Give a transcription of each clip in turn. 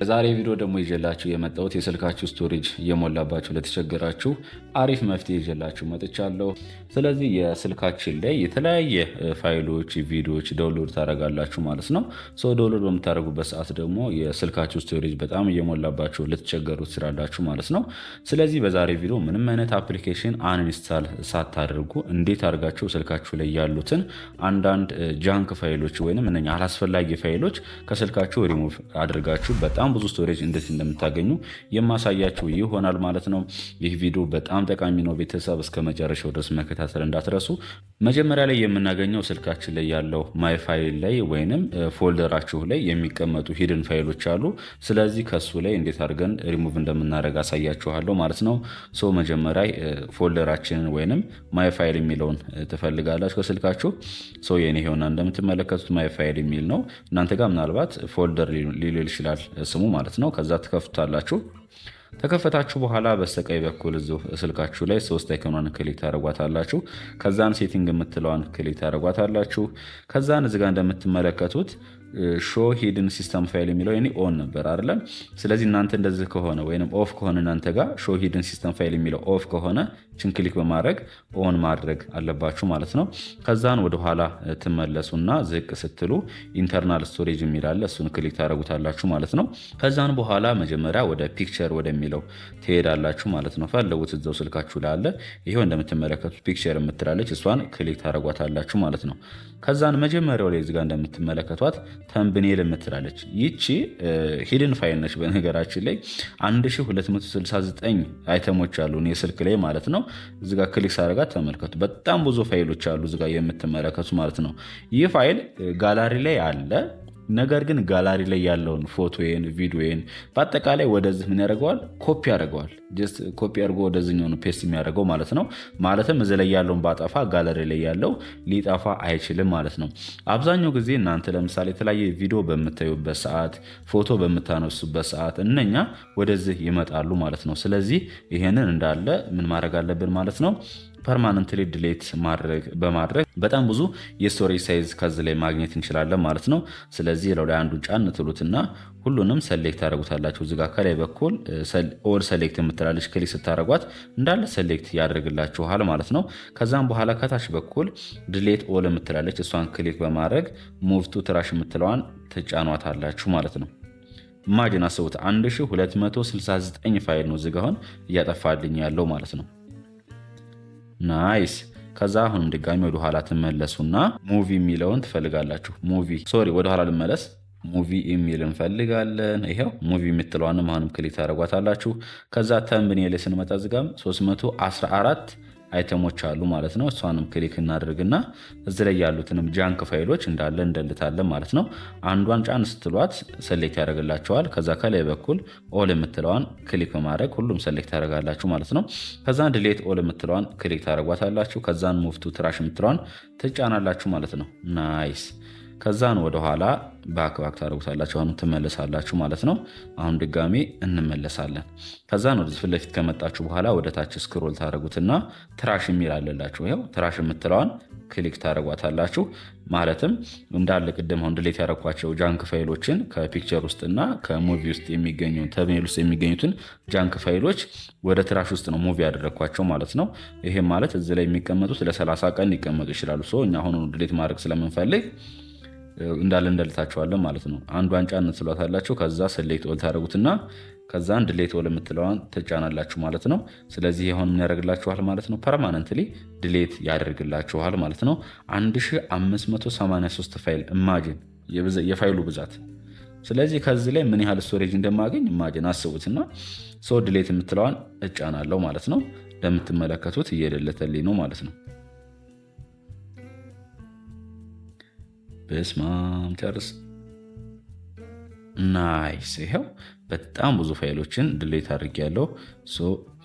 በዛሬ ቪዲዮ ደግሞ ይዤላችሁ የመጣሁት የስልካችሁ ስቶሬጅ እየሞላባችሁ ለተቸገራችሁ አሪፍ መፍትሄ ይዤላችሁ መጥቻለሁ። ስለዚህ የስልካችን ላይ የተለያየ ፋይሎች፣ ቪዲዮዎች ዳውንሎድ ታደርጋላችሁ ማለት ነው። ሰው ዳውንሎድ በምታደርጉበት ሰዓት ደግሞ የስልካችሁ ስቶሬጅ በጣም እየሞላባችሁ ልትቸገሩ ትችላላችሁ ማለት ነው። ስለዚህ በዛሬ ቪዲዮ ምንም አይነት አፕሊኬሽን አንኢንስታል ሳታደርጉ እንዴት አድርጋችሁ ስልካችሁ ላይ ያሉትን አንዳንድ ጃንክ ፋይሎች ወይም እነኛ አላስፈላጊ ፋይሎች ከስልካችሁ ሪሙቭ አድርጋችሁ በጣም በጣም ብዙ ስቶሬጅ እንዴት እንደምታገኙ የማሳያችሁ ይሆናል ማለት ነው። ይህ ቪዲዮ በጣም ጠቃሚ ነው። ቤተሰብ እስከ መጨረሻው ድረስ መከታተል እንዳትረሱ። መጀመሪያ ላይ የምናገኘው ስልካችን ላይ ያለው ማይ ፋይል ላይ ወይንም ፎልደራችሁ ላይ የሚቀመጡ ሂድን ፋይሎች አሉ። ስለዚህ ከሱ ላይ እንዴት አድርገን ሪሙቭ እንደምናደርግ አሳያችኋለሁ ማለት ነው። ሶ መጀመሪያ ፎልደራችንን ወይንም ማይ ፋይል የሚለውን ትፈልጋላችሁ ከስልካችሁ። ሶ የኔ ሆና እንደምትመለከቱት ማይ ፋይል የሚል ነው። እናንተ ጋር ምናልባት ፎልደር ሊል ይችላል ስሙ ማለት ነው። ከዛ ትከፍቱታላችሁ ተከፈታችሁ በኋላ በስተቀኝ በኩል እዚሁ ስልካችሁ ላይ ሶስት አይኮኗን ክሊክ ታደርጓታላችሁ። ከዛን ሴቲንግ የምትለዋን ክሊክ ታደርጓታላችሁ። ከዛን እዚጋ እንደምትመለከቱት ሾ ሂድን ሲስተም ፋይል የሚለው የኔ ኦን ነበር አይደለም። ስለዚህ እናንተ እንደዚህ ከሆነ ወይም ኦፍ ከሆነ እናንተ ጋር ሾ ሂድን ሲስተም ፋይል የሚለው ኦፍ ከሆነ ችን ክሊክ በማድረግ ኦን ማድረግ አለባችሁ ማለት ነው። ከዛን ወደኋላ ትመለሱና ዝቅ ስትሉ ኢንተርናል ስቶሬጅ የሚላለ እሱን ክሊክ ታደረጉታላችሁ ማለት ነው። ከዛን በኋላ መጀመሪያ ወደ ፒክቸር ወደሚለው ትሄዳላችሁ ማለት ነው። ፈለጉት እዛው ስልካችሁ ላለ ይሄው እንደምትመለከቱት ፒክቸር የምትላለች እሷን ክሊክ ታደረጓታላችሁ ማለት ነው። ከዛን መጀመሪያው ላይ እዚጋ እንደምትመለከቷት ተምብኔል የምትላለች ይቺ ሂድን ፋይል ነች። በነገራችን ላይ 1269 አይተሞች አሉ የስልክ ላይ ማለት ነው። እዚጋ ክሊክ ሳረጋ ተመልከቱ። በጣም ብዙ ፋይሎች አሉ እዚጋ የምትመለከቱ ማለት ነው። ይህ ፋይል ጋላሪ ላይ አለ ነገር ግን ጋላሪ ላይ ያለውን ፎቶዬን፣ ቪዲዮዬን በአጠቃላይ ወደዚህ ምን ያደርገዋል? ኮፒ ያደርገዋል። ጀስት ኮፒ አድርጎ ወደዚህኛው ፔስት የሚያደርገው ማለት ነው። ማለትም እዚህ ላይ ያለውን ባጠፋ ጋላሪ ላይ ያለው ሊጠፋ አይችልም ማለት ነው። አብዛኛው ጊዜ እናንተ ለምሳሌ የተለያየ ቪዲዮ በምታዩበት ሰዓት፣ ፎቶ በምታነሱበት ሰዓት እነኛ ወደዚህ ይመጣሉ ማለት ነው። ስለዚህ ይሄንን እንዳለ ምን ማድረግ አለብን ማለት ነው ፐርማነንትሊ ድሌት በማድረግ በጣም ብዙ የስቶሬጅ ሳይዝ ከዚ ላይ ማግኘት እንችላለን ማለት ነው። ስለዚህ ለው ላይ አንዱን ጫን ትሉትና ሁሉንም ሰሌክት ታደረጉታላችሁ። እዚጋ ከላይ በኩል ኦል ሰሌክት የምትላለች ክሊክ ስታደረጓት እንዳለ ሰሌክት ያደርግላችኋል ማለት ነው። ከዛም በኋላ ከታች በኩል ድሌት ኦል የምትላለች እሷን ክሊክ በማድረግ ሙቭቱ ትራሽ የምትለዋን ትጫኗታላችሁ ማለት ነው። ማጅን አስቡት 1269 ፋይል ነው እዚጋ አሁን እያጠፋልኝ ያለው ማለት ነው። ናይስ። ከዛ አሁንም ድጋሚ ወደኋላ ትመለሱና ሙቪ የሚለውን ትፈልጋላችሁ። ሙቪ ሶሪ፣ ወደኋላ ልመለስ። ሙቪ ኢሜል እንፈልጋለን። ይኸው ሙቪ የምትለዋንም አሁንም ክሊክ ታደርጓታላችሁ። ከዛ ተምብኔ ላይ ስንመጣ ዝጋም 314 አይተሞች አሉ ማለት ነው። እሷንም ክሊክ እናደርግና እዚህ ላይ ያሉትንም ጃንክ ፋይሎች እንዳለ እንደልታለን ማለት ነው። አንዷን ጫን ስትሏት ሰሌክት ያደርግላቸዋል። ከዛ ከላይ በኩል ኦል የምትለዋን ክሊክ በማድረግ ሁሉም ሰሌክት ያደርጋላችሁ ማለት ነው። ከዛን ድሌት ኦል የምትለዋን ክሊክ ታደርጓታላችሁ። ከዛን ሙፍቱ ትራሽ የምትለዋን ትጫናላችሁ ማለት ነው። ናይስ ከዛን ወደኋላ ባክባክ ታደርጉታላችሁ አሁን ትመለሳላችሁ ማለት ነው። አሁን ድጋሜ እንመለሳለን። ከዛን ወደዚህ ፊት ለፊት ከመጣችሁ በኋላ ወደ ታች ስክሮል ታደርጉትና ትራሽ የሚል አለላችሁ። ይኸው ትራሽ የምትለዋን ክሊክ ታደርጓታላችሁ። ማለትም እንዳለ ቅድም አሁን ድሌት ያደረኳቸው ጃንክ ፋይሎችን ከፒክቸር ውስጥና ከሙቪ ውስጥ የሚገኙ ተሜል ውስጥ የሚገኙትን ጃንክ ፋይሎች ወደ ትራሽ ውስጥ ነው ሙቪ ያደረግኳቸው ማለት ነው። ይሄም ማለት እዚህ ላይ የሚቀመጡት ለ30 ቀን ሊቀመጡ ይችላሉ። እኛ አሁኑ ድሌት ማድረግ ስለምንፈልግ እንዳለ እንደልታችኋለን ማለት ነው። አንዷን ዋንጫ ትሏታላችሁ። ከዛ ስሌት ወል ታደረጉትና ከዛ አንድ ሌት ወል የምትለዋን ትጫናላችሁ ማለት ነው። ስለዚህ የሆን ያደርግላችኋል ማለት ነው። ፐርማነንትሊ ድሌት ያደርግላችኋል ማለት ነው። 1583 ፋይል እማጅን የፋይሉ ብዛት ስለዚህ ከዚህ ላይ ምን ያህል ስቶሬጅ እንደማገኝ ማጅን አስቡትና ሶ ድሌት የምትለዋን እጫናለው ማለት ነው። እንደምትመለከቱት እየደለተልኝ ነው ማለት ነው። በስማም ጨርስ። ናይስ። ይኸው በጣም ብዙ ፋይሎችን ድሌት አድርጌያለሁ። ሶ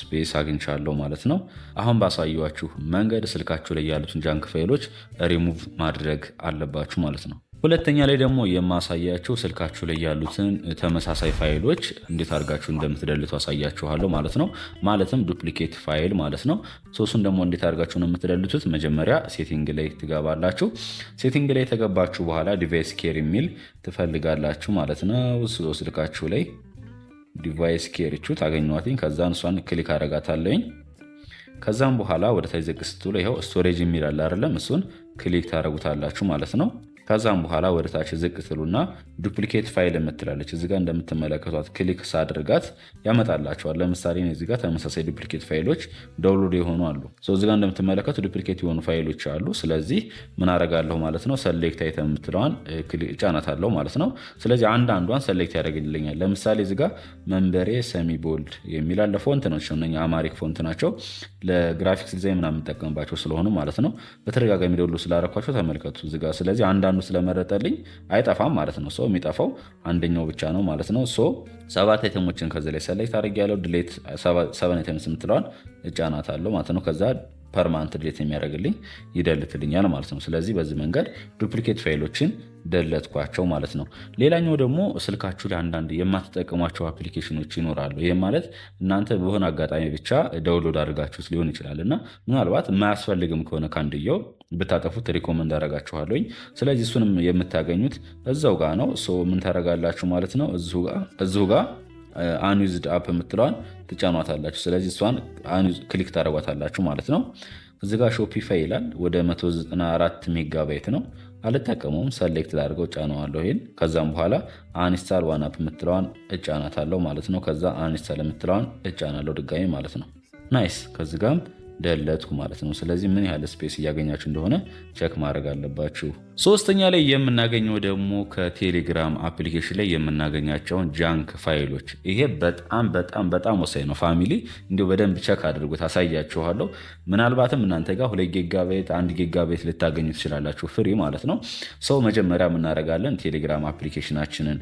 ስፔስ አግኝቻለሁ ማለት ነው። አሁን ባሳየኋችሁ መንገድ ስልካችሁ ላይ ያሉትን ጃንክ ፋይሎች ሪሙቭ ማድረግ አለባችሁ ማለት ነው። ሁለተኛ ላይ ደግሞ የማሳያቸው ስልካችሁ ላይ ያሉትን ተመሳሳይ ፋይሎች እንዴት አድርጋችሁ እንደምትደልቱ አሳያችኋለሁ ማለት ነው። ማለትም ዱፕሊኬት ፋይል ማለት ነው። ሶሱን ደግሞ እንዴት አድርጋችሁ ነው የምትደልቱት? መጀመሪያ ሴቲንግ ላይ ትገባላችሁ። ሴቲንግ ላይ ተገባችሁ በኋላ ዲቫይስ ኬር የሚል ትፈልጋላችሁ ማለት ነው። ስልካችሁ ላይ ዲቫይስ ኬርቹ ታገኟትኝ። ከዛ እሷን ክሊክ አረጋታለኝ። ከዛም በኋላ ወደ ታች ዘቅ ስትሉ ይኸው ስቶሬጅ የሚል አለ አይደለም? እሱን ክሊክ ታደረጉታላችሁ ማለት ነው። ከዛም በኋላ ወደ ታች ዝቅ ትሉና ዱፕሊኬት ፋይል የምትላለች እዚ ጋር እንደምትመለከቷት ክሊክ ሳድርጋት ያመጣላቸዋል። ለምሳሌ ጋር ተመሳሳይ ዱፕሊኬት ፋይሎች ዳውንሎድ የሆኑ አሉ። እዚ ጋር እንደምትመለከቱ ዱፕሊኬት የሆኑ ፋይሎች አሉ። ስለዚህ ምን አረጋለሁ ማለት ነው ሰሌክት አይተም የምትለዋን ጫናታለሁ ማለት ነው። ስለዚህ አንድ አንዷን ሰሌክት ያደርግልኛል። ለምሳሌ እዚጋ መንበሬ ሰሚ ቦልድ የሚላለ ፎንት ነው። አማሪክ ፎንት ናቸው። ለግራፊክስ ዲዛይን ምናምን የምንጠቀምባቸው ስለሆኑ ማለት ነው። በተደጋጋሚ ደውሎ ስላረኳቸው ተመልከቱ እዚጋ ስለዚህ አንዳንዱ አንዱ ስለመረጠልኝ አይጠፋም ማለት ነው። ሰው የሚጠፋው አንደኛው ብቻ ነው ማለት ነው። ሶ ሰባት አይተሞችን ከዚ ላይ ሰሌክት አድርግ ያለው ድሌት ሰቨን አይተምስ የምትለዋን እጫናት አለው ማለት ነው። ከዛ ፐርማንት ድሌት የሚያደርግልኝ ይደልትልኛል ማለት ነው። ስለዚህ በዚህ መንገድ ዱፕሊኬት ፋይሎችን ደለትኳቸው ማለት ነው። ሌላኛው ደግሞ ስልካችሁ ላይ አንዳንድ የማትጠቀሟቸው አፕሊኬሽኖች ይኖራሉ። ይህም ማለት እናንተ በሆነ አጋጣሚ ብቻ ዳውንሎድ አድርጋችሁት ሊሆን ይችላል እና ምናልባት ማያስፈልግም ከሆነ ከአንድየው ብታጠፉት ሪኮመንድ አደርጋችኋለሁኝ። ስለዚህ እሱንም የምታገኙት እዛው ጋር ነው። ምን ታደርጋላችሁ ማለት ነው እዚሁ ጋር አንዩዝድ አፕ የምትለዋን ትጫኗታላችሁ። ስለዚህ እሷን ክሊክ ታደረጓታላችሁ ማለት ነው። እዚ ጋር ሾፒፋይ ይላል ወደ 194 ሜጋባይት ነው። አልጠቀመውም። ሰሌክት ላድርገው ጫነዋለሁ ይሄን። ከዛም በኋላ አንስታል ዋናፕ የምትለዋን እጫናታለሁ ማለት ነው። ከዛ አንስታል የምትለዋን እጫናለሁ ድጋሚ ማለት ነው። ናይስ ከዚ ጋም ደለትኩ ማለት ነው። ስለዚህ ምን ያህል ስፔስ እያገኛችሁ እንደሆነ ቸክ ማድረግ አለባችሁ። ሶስተኛ ላይ የምናገኘው ደግሞ ከቴሌግራም አፕሊኬሽን ላይ የምናገኛቸውን ጃንክ ፋይሎች፣ ይሄ በጣም በጣም በጣም ወሳኝ ነው። ፋሚሊ እንዲሁ በደንብ ቸክ አድርጉት፣ አሳያችኋለሁ። ምናልባትም እናንተ ጋር ሁለት ጌጋቤት አንድ ጌጋቤት ልታገኙ ትችላላችሁ፣ ፍሪ ማለት ነው። ሰው መጀመሪያ የምናደርጋለን ቴሌግራም አፕሊኬሽናችንን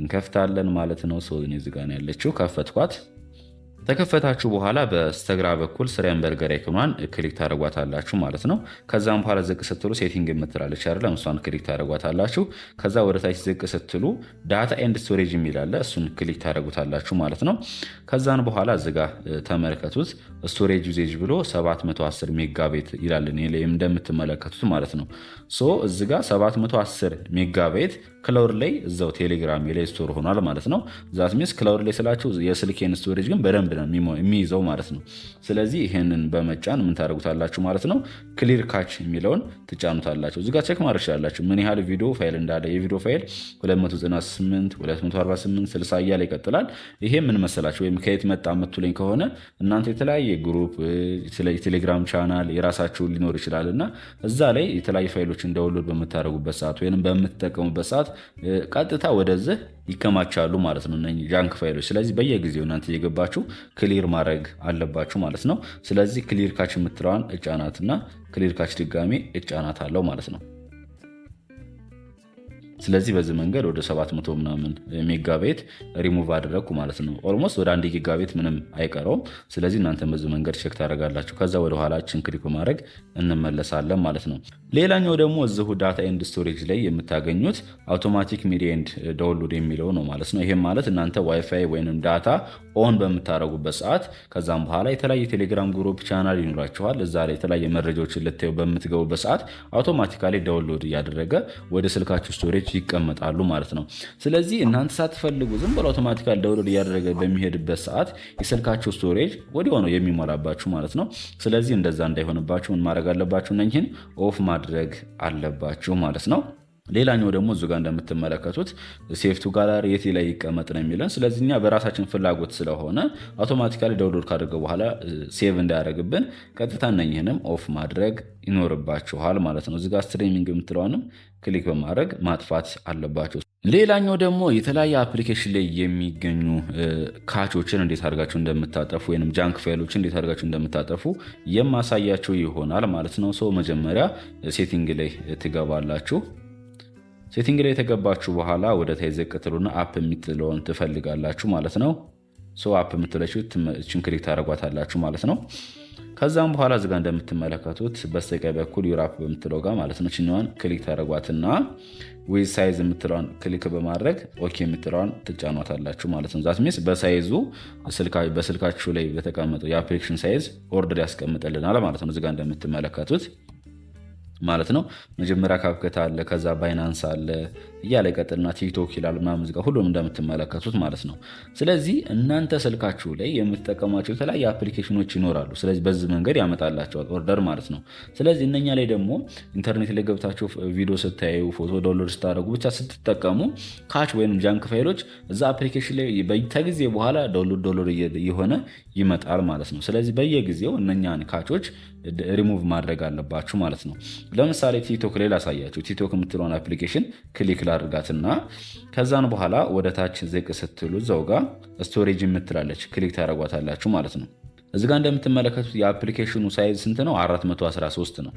እንከፍታለን ማለት ነው። ሰው እኔ እዚህ ጋር ነው ያለችው፣ ከፈትኳት ተከፈታችሁ በኋላ በስተግራ በኩል ስሪያን በርገር አይኮኗን ክሊክ ታደረጓታላችሁ ማለት ነው። ከዛም በኋላ ዝቅ ስትሉ ሴቲንግ የምትላለች አለ እሷን ክሊክ ታደረጓታላችሁ። ከዛ ወደ ታች ዝቅ ስትሉ ዳታ ኤንድ ስቶሬጅ የሚላለ እሱን ክሊክ ታደረጉታላችሁ ማለት ነው። ከዛን በኋላ ዝጋ ተመልከቱት። ስቶሬጅ ዩዜጅ ብሎ 710 ሜጋቤት ይላል ላይ እንደምትመለከቱት ማለት ነው። ሶ እዚጋ 710 ሜጋቤት ክላውድ ላይ እዛው ቴሌግራም ላይ ስቶር ሆኗል ማለት ነው። ዛት ሚንስ ክላውድ ላይ ስላችሁ የስልኬን ስቶሬጅ ግን በደንብ በደንብ ነው የሚይዘው ማለት ነው። ስለዚህ ይሄንን በመጫን ምን ታደርጉታላችሁ ማለት ነው፣ ክሊር ካች የሚለውን ትጫኑታላችሁ። እዚጋ ቼክ ማድረግ ይችላላችሁ ምን ያህል ቪዲዮ ፋይል እንዳለ። የቪዲዮ ፋይል 298፣ 248፣ 60 እያለ ይቀጥላል። ይሄ ምን መሰላችሁ ወይም ከየት መጣ የምትሉኝ ከሆነ እናንተ የተለያየ ግሩፕ ቴሌግራም ቻናል የራሳችሁ ሊኖር ይችላል እና እዛ ላይ የተለያዩ ፋይሎች እንዳውሎድ በምታደርጉበት ሰዓት ወይም በምትጠቀሙበት ሰዓት ቀጥታ ወደዚህ ይከማቻሉ ማለት ነው እነኝህ ጃንክ ፋይሎች። ስለዚህ በየጊዜው እናንተ እየገባችሁ ክሊር ማድረግ አለባችሁ ማለት ነው። ስለዚህ ክሊር ካች የምትለዋን እጫናትና ክሊር ካች ድጋሜ እጫናት አለው ማለት ነው። ስለዚህ በዚህ መንገድ ወደ 700 ምናምን ሜጋቤት ሪሙቭ አደረግኩ ማለት ነው። ኦልሞስት ወደ አንድ ጊጋቤት ምንም አይቀረውም። ስለዚህ እናንተ በዚህ መንገድ ቼክ ታደርጋላችሁ። ከዛ ወደ ክሊክ በማድረግ እንመለሳለን ማለት ነው። ሌላኛው ደግሞ እዚሁ ዳታ ኤንድ ስቶሬጅ ላይ የምታገኙት አውቶማቲክ ሚዲያ ኤንድ ዳውንሎድ የሚለው ነው ማለት ነው። ይሄም ማለት እናንተ ዋይፋይ ወይንም ዳታ ኦን በምታደረጉበት ሰዓት ከዛም በኋላ የተለያየ ቴሌግራም ግሩፕ ቻናል ይኖራችኋል። እዛ ላይ የተለያየ መረጃዎችን ልታዩ በምትገቡበት ሰዓት አውቶማቲካሊ ዳውንሎድ እያደረገ ወደ ስልካችሁ ስቶሬጅ ይቀመጣሉ ማለት ነው። ስለዚህ እናንተ ሳትፈልጉ ዝም ብሎ አውቶማቲካል ዳውንሎድ እያደረገ በሚሄድበት ሰዓት የስልካችሁ ስቶሬጅ ወዲያው ነው የሚሞላባችሁ ማለት ነው። ስለዚህ እንደዛ እንዳይሆንባችሁ ምን ማድረግ አለባችሁ? እነኝህን ኦፍ ማድረግ አለባችሁ ማለት ነው። ሌላኛው ደግሞ እዚጋ እንደምትመለከቱት ሴፍቱ ጋላሪ የት ላይ ይቀመጥ ነው የሚለን። ስለዚህ እኛ በራሳችን ፍላጎት ስለሆነ አውቶማቲካሊ ዳውንሎድ ካደረገ በኋላ ሴቭ እንዳያደርግብን ቀጥታ እነኝህንም ኦፍ ማድረግ ይኖርባችኋል ማለት ነው። እዚጋ ስትሪሚንግ የምትለዋንም ክሊክ በማድረግ ማጥፋት አለባቸው። ሌላኛው ደግሞ የተለያየ አፕሊኬሽን ላይ የሚገኙ ካቾችን እንዴት አድርጋችሁ እንደምታጠፉ ወይም ጃንክ ፋይሎችን እንዴት አድርጋችሁ እንደምታጠፉ የማሳያቸው ይሆናል ማለት ነው። ሰው መጀመሪያ ሴቲንግ ላይ ትገባላችሁ ሴቲንግ ላይ የተገባችሁ በኋላ ወደ ታይዘ ቅትሉና አፕ የምትለውን ትፈልጋላችሁ ማለት ነው። አፕ የምትለች ችን ክሊክ ታደርጓታላችሁ ማለት ነው። ከዛም በኋላ እዚጋ እንደምትመለከቱት በስተቀኝ በኩል ዩራፕ በምትለው ጋር ማለት ነው ችኛዋን ክሊክ ታደረጓትና ዊዝ ሳይዝ የምትለዋን ክሊክ በማድረግ ኦኬ የምትለዋን ትጫኗታላችሁ ማለት ነው። ዛት ሚስ በሳይዙ በስልካችሁ ላይ በተቀመጠው የአፕሊኬሽን ሳይዝ ኦርደር ያስቀምጠልናል ማለት ነው። እዚጋ እንደምትመለከቱት ማለት ነው። መጀመሪያ ካፕከት አለ፣ ከዛ ባይናንስ አለ፣ እያለ ይቀጥልና ቲክቶክ ይላል ምናምን ጋር ሁሉም እንደምትመለከቱት ማለት ነው። ስለዚህ እናንተ ስልካችሁ ላይ የምትጠቀሟቸው የተለያዩ አፕሊኬሽኖች ይኖራሉ። ስለዚህ በዚህ መንገድ ያመጣላቸዋል ኦርደር ማለት ነው። ስለዚህ እነኛ ላይ ደግሞ ኢንተርኔት ላይ ገብታችሁ ቪዲዮ ስታዩ፣ ፎቶ ዳውንሎድ ስታደርጉ፣ ብቻ ስትጠቀሙ ካች ወይም ጃንክ ፋይሎች እዛ አፕሊኬሽን ላይ ከጊዜ በኋላ ዳውንሎድ ዳውንሎድ የሆነ ይመጣል ማለት ነው። ስለዚህ በየጊዜው እነኛን ካቾች ሪሙቭ ማድረግ አለባችሁ ማለት ነው። ለምሳሌ ቲክቶክ ላይ ላሳያችሁ። ቲክቶክ የምትለውን አፕሊኬሽን ክሊክ አድርጋትና ከዛን በኋላ ወደ ታች ዝቅ ስትሉ እዛው ጋ ስቶሬጅ የምትላለች ክሊክ ታደረጓታላችሁ ማለት ነው። እዚ ጋ እንደምትመለከቱት የአፕሊኬሽኑ ሳይዝ ስንት ነው? 413 ነው።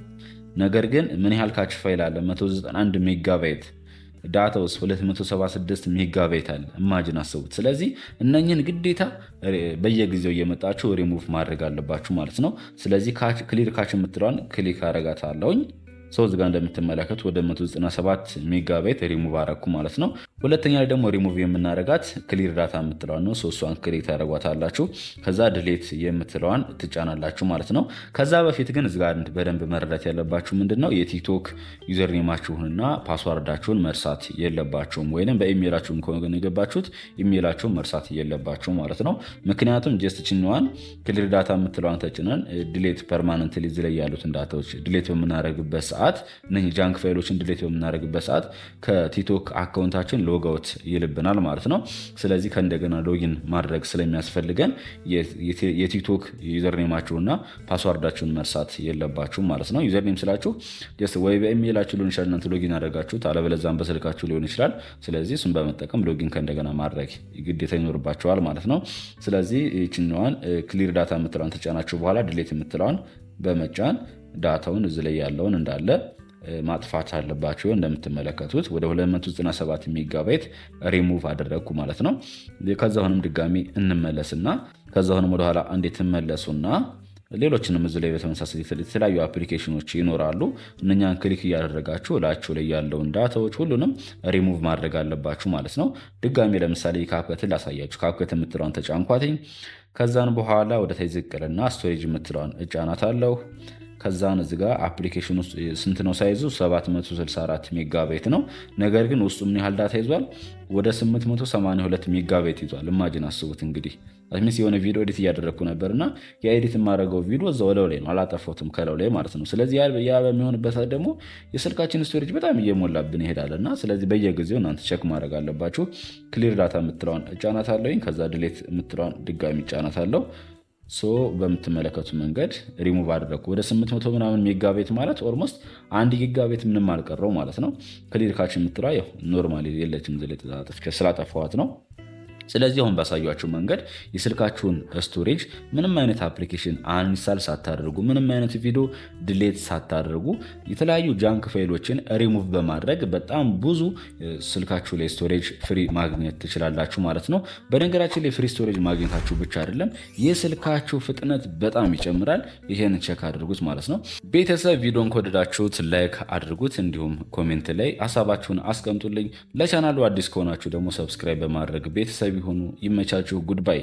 ነገር ግን ምን ያህል ካች ፋይል አለ? 191 ሜጋባይት ዳታ ውስጥ 276 ሜጋባይት አለ። እማጅን አስቡት። ስለዚህ እነኝህን ግዴታ በየጊዜው እየመጣችሁ ሪሙቭ ማድረግ አለባችሁ ማለት ነው። ስለዚህ ክሊር ካች የምትለዋን ክሊክ አረጋት አለውኝ ሰው እዚጋ እንደምትመለከት ወደ 197 ሜጋባይት ሪሙቭ አረኩ ማለት ነው። ሁለተኛ ላይ ደግሞ ሪሙቭ የምናረጋት ክሊር ዳታ የምትለዋን ነው። ሶስቷን ክሬት ያደረጓታላችሁ ከዛ ድሌት የምትለዋን ትጫናላችሁ ማለት ነው። ከዛ በፊት ግን እዚጋ በደንብ መረዳት ያለባችሁ ምንድን ነው የቲክቶክ ዩዘርኔማችሁንና ፓስዋርዳችሁን መርሳት የለባችሁም፣ ወይም በኢሜይላችሁም ከሆነ የገባችሁት ኢሜላችሁን መርሳት የለባችሁ ማለት ነው። ምክንያቱም ጀስት ችንዋን ክሊር ዳታ የምትለዋን ተጭነን ድሌት ፐርማነንት ሊዝ ላይ ያሉት ዳታዎች ድሌት በምናደርግበት ሰዓት ሰዓት እነ ጃንክ ፋይሎችን ድሌት በምናደርግበት ሰዓት ከቲክቶክ አካውንታችን ሎጋውት ይልብናል ማለት ነው። ስለዚህ ከእንደገና ሎጊን ማድረግ ስለሚያስፈልገን የቲክቶክ ዩዘርኔማችሁና ፓስዋርዳችሁን መርሳት የለባችሁም ማለት ነው። ዩዘርኔም ስላችሁ ወይ በኢሜይላችሁ ሊሆን ይችላል እናንተ ሎጊን ያደረጋችሁት፣ አለበለዚያም በስልካችሁ ሊሆን ይችላል። ስለዚህ እሱን በመጠቀም ሎጊን ከእንደገና ማድረግ ግዴታ ይኖርባችኋል ማለት ነው። ስለዚህ ይችኛዋን ክሊር ዳታ የምትለዋን ተጫናችሁ በኋላ ድሌት የምትለዋን በመጫን ዳታውን እዚ ላይ ያለውን እንዳለ ማጥፋት አለባቸው። እንደምትመለከቱት ወደ 297 ሜጋባይት ሪሙቭ አደረግኩ ማለት ነው። ከዛ ድጋሚ እንመለስና ከዛ ወደኋላ አንዴ ትመለሱና ሌሎችንም እዚ ላይ በተመሳሳይ የተለያዩ አፕሊኬሽኖች ይኖራሉ። እነኛን ክሊክ እያደረጋችሁ እላችሁ ላይ ያለውን ዳታዎች ሁሉንም ሪሙቭ ማድረግ አለባችሁ ማለት ነው። ድጋሚ ለምሳሌ ካፕከትን ላሳያችሁ። ካፕከት የምትለዋን ተጫንኳትኝ። ከዛን በኋላ ወደ ታች ስቶሬጅ የምትለዋን እጫናት አለው ከዛን እዚ ጋር አፕሊኬሽን ውስጥ ስንት ነው ሳይዙ 764 ሜጋቤት ነው። ነገር ግን ውስጡ ምን ያህል ዳታ ይዟል? ወደ 882 ሜጋቤት ይዟል። ኢማጂን አስቡት እንግዲህ ሚስ የሆነ ቪዲዮ ኤዲት እያደረግኩ ነበር እና የኤዲት የማደርገው ቪዲዮ እዛ ወለው ላይ ነው አላጠፋሁትም፣ ከለው ላይ ማለት ነው። ስለዚህ ያ በሚሆንበት ደግሞ የስልካችን ስቶሬጅ በጣም እየሞላብን ይሄዳል እና ስለዚህ በየጊዜው እናንተ ቸክ ማድረግ አለባችሁ። ክሊር ዳታ የምትለዋን እጫናት አለኝ። ከዛ ድሌት የምትለዋን ድጋሚ እጫናት አለው። ሶ በምትመለከቱ መንገድ ሪሙቭ አደረግኩ። ወደ 800 ምናምን ሜጋ ቤት ማለት ኦልሞስት አንድ ጊጋ ቤት ምንም አልቀረው ማለት ነው። ክሊርካችን የምትለዋ ኖርማሊ የለችም ስላጠፋዋት ነው። ስለዚህ አሁን ባሳያችሁ መንገድ የስልካችሁን ስቶሬጅ ምንም አይነት አፕሊኬሽን አንሳል ሳታደርጉ ምንም አይነት ቪዲዮ ድሌት ሳታደርጉ የተለያዩ ጃንክ ፋይሎችን ሪሙቭ በማድረግ በጣም ብዙ ስልካችሁ ላይ ስቶሬጅ ፍሪ ማግኘት ትችላላችሁ ማለት ነው። በነገራችን ላይ ፍሪ ስቶሬጅ ማግኘታችሁ ብቻ አይደለም የስልካችሁ ፍጥነት በጣም ይጨምራል። ይህን ቸክ አድርጉት ማለት ነው። ቤተሰብ ቪዲዮን ከወደዳችሁት ላይክ አድርጉት፣ እንዲሁም ኮሜንት ላይ ሀሳባችሁን አስቀምጡልኝ። ለቻናሉ አዲስ ከሆናችሁ ደግሞ ሰብስክራይብ በማድረግ ቤተሰብ ቢሆኑ ይመቻችሁ። ጉድባይ